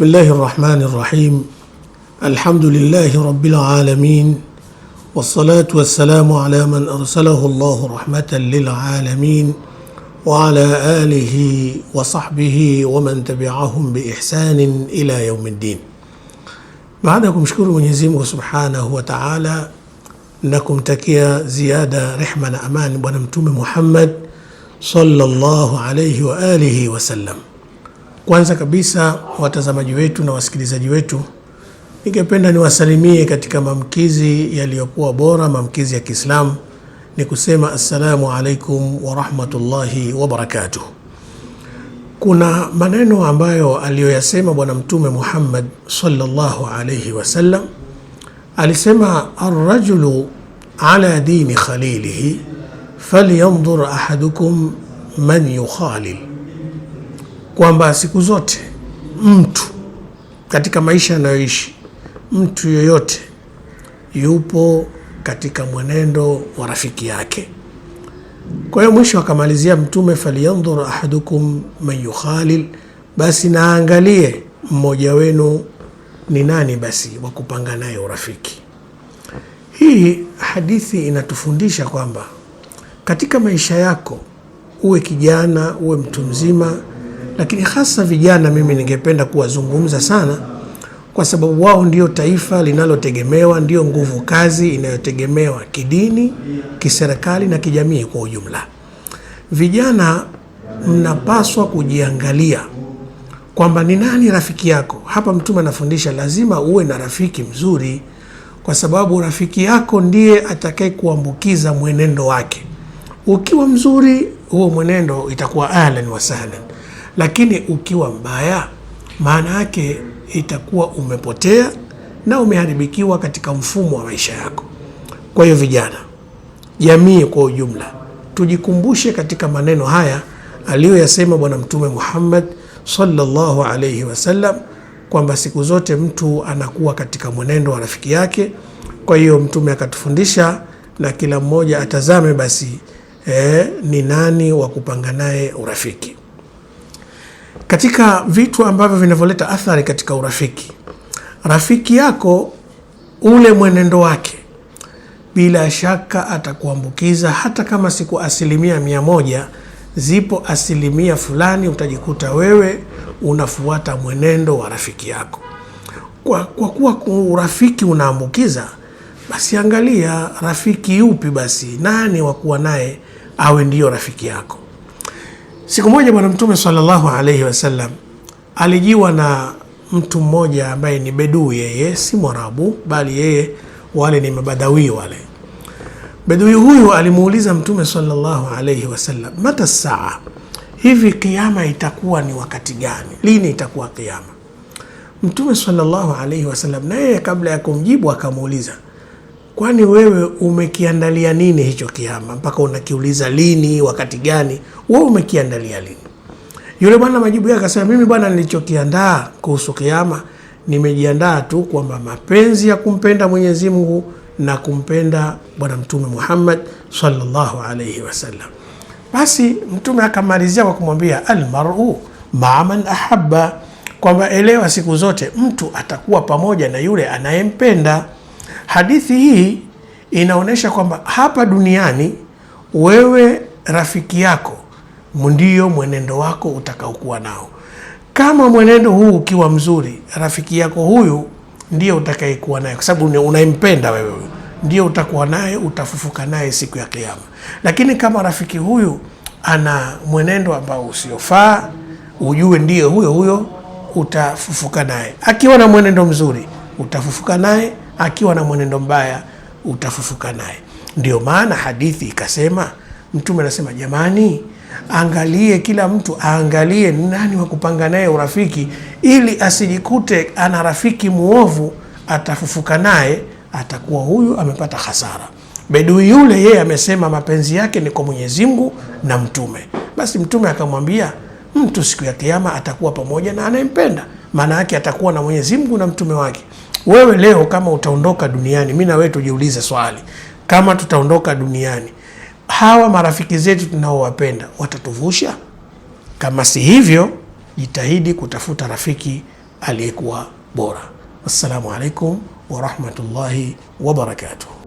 بسم الله الرحمن الرحيم الحمد لله رب العالمين والصلاة والسلام على من أرسله الله رحمة للعالمين وعلى آله وصحبه ومن تبعهم بإحسان إلى يوم الدين بعدكم شكر يزيمه سبحانه وتعالى أنكم تكيا زيادة رحمة أمان ونمتم محمد صلى الله عليه وآله وسلم Kwanza kabisa watazamaji wetu na wasikilizaji wetu, ningependa niwasalimie katika maamkizi yaliyokuwa bora, maamkizi ya Kiislamu. Ni kusema assalamu alaikum warahmatullahi wabarakatuh. Kuna maneno ambayo aliyoyasema Bwana Mtume Muhammad sallallahu alaihi wasallam, alisema arrajulu ala dini khalilihi falyandhur ahadukum man yukhalil kwamba siku zote mtu katika maisha anayoishi, mtu yoyote yupo katika mwenendo wa rafiki yake. Kwa hiyo mwisho akamalizia Mtume, falyandhur ahadukum man yukhalil, basi naangalie mmoja wenu ni nani basi wa kupanga naye urafiki. Hii hadithi inatufundisha kwamba katika maisha yako, uwe kijana, uwe mtu mzima lakini hasa vijana, mimi ningependa kuwazungumza sana, kwa sababu wao ndio taifa linalotegemewa, ndio nguvu kazi inayotegemewa kidini, kiserikali na kijamii kwa ujumla. Vijana mnapaswa kujiangalia kwamba ni nani rafiki yako. Hapa Mtume anafundisha lazima uwe na rafiki mzuri, kwa sababu rafiki yako ndiye atakaye kuambukiza mwenendo wake. Ukiwa mzuri, huo mwenendo itakuwa ahlan wa sahlan. Lakini ukiwa mbaya, maana yake itakuwa umepotea na umeharibikiwa katika mfumo wa maisha yako. Kwa hiyo, vijana, jamii kwa ujumla, tujikumbushe katika maneno haya aliyoyasema Bwana Mtume Muhammad sallallahu alayhi wasallam kwamba siku zote mtu anakuwa katika mwenendo wa rafiki yake. Kwa hiyo Mtume akatufundisha na kila mmoja atazame basi, eh, ni nani wa kupanga naye urafiki katika vitu ambavyo vinavyoleta athari katika urafiki, rafiki yako ule mwenendo wake bila shaka atakuambukiza, hata kama siku asilimia mia moja, zipo asilimia fulani utajikuta wewe unafuata mwenendo wa rafiki yako. Kwa, kwa kuwa urafiki unaambukiza, basi angalia rafiki yupi, basi nani wa kuwa naye awe ndiyo rafiki yako. Siku moja Bwana Mtume sallallahu alaihi wasallam alijiwa na mtu mmoja ambaye ni bedui, yeye si Mwarabu bali yeye wale ni mabadawi wale. Bedui huyu alimuuliza Mtume sallallahu alaihi wasallam, mata saa, hivi kiama itakuwa ni wakati gani? Lini itakuwa kiama? Mtume sallallahu alaihi wasallam naye kabla ya kumjibu akamuuliza Kwani wewe umekiandalia nini hicho kiama mpaka unakiuliza lini, wakati gani? Wewe umekiandalia lini? Yule bwana majibu yake akasema, mimi bwana, nilichokiandaa kuhusu kiama, nimejiandaa tu kwamba mapenzi ya kumpenda Mwenyezi Mungu na kumpenda Bwana Mtume Muhammad sallallahu alayhi wasallam. Basi Mtume akamalizia kwa kumwambia almaru maa man ahabba, kwamba elewa siku zote mtu atakuwa pamoja na yule anayempenda. Hadithi hii inaonyesha kwamba hapa duniani wewe rafiki yako ndio mwenendo wako utakaokuwa nao. Kama mwenendo huu ukiwa mzuri, rafiki yako huyu ndio utakayekuwa naye, kwa sababu unaempenda wewe, ndio utakuwa naye, utafufuka naye siku ya Kiyama. Lakini kama rafiki huyu ana mwenendo ambao usiofaa, ujue ndiye huyo huyo utafufuka naye. Akiwa na mwenendo mzuri, utafufuka naye akiwa na mwenendo mbaya utafufuka naye. Ndio maana hadithi ikasema, Mtume anasema jamani, angalie kila mtu aangalie nani wa kupanga naye urafiki, ili asijikute ana rafiki muovu, atafufuka naye, atakuwa huyu amepata hasara. Bedui yule yeye amesema mapenzi yake ni kwa Mwenyezi Mungu na Mtume. Basi Mtume akamwambia mtu siku ya kiama atakuwa pamoja na anayempenda, maana yake atakuwa na Mwenyezi Mungu na mtume wake. Wewe leo kama utaondoka duniani, mimi na wewe tujiulize swali, kama tutaondoka duniani, hawa marafiki zetu tunaowapenda watatuvusha? Kama si hivyo, jitahidi kutafuta rafiki aliyekuwa bora. Assalamu alaikum warahmatullahi wabarakatuh.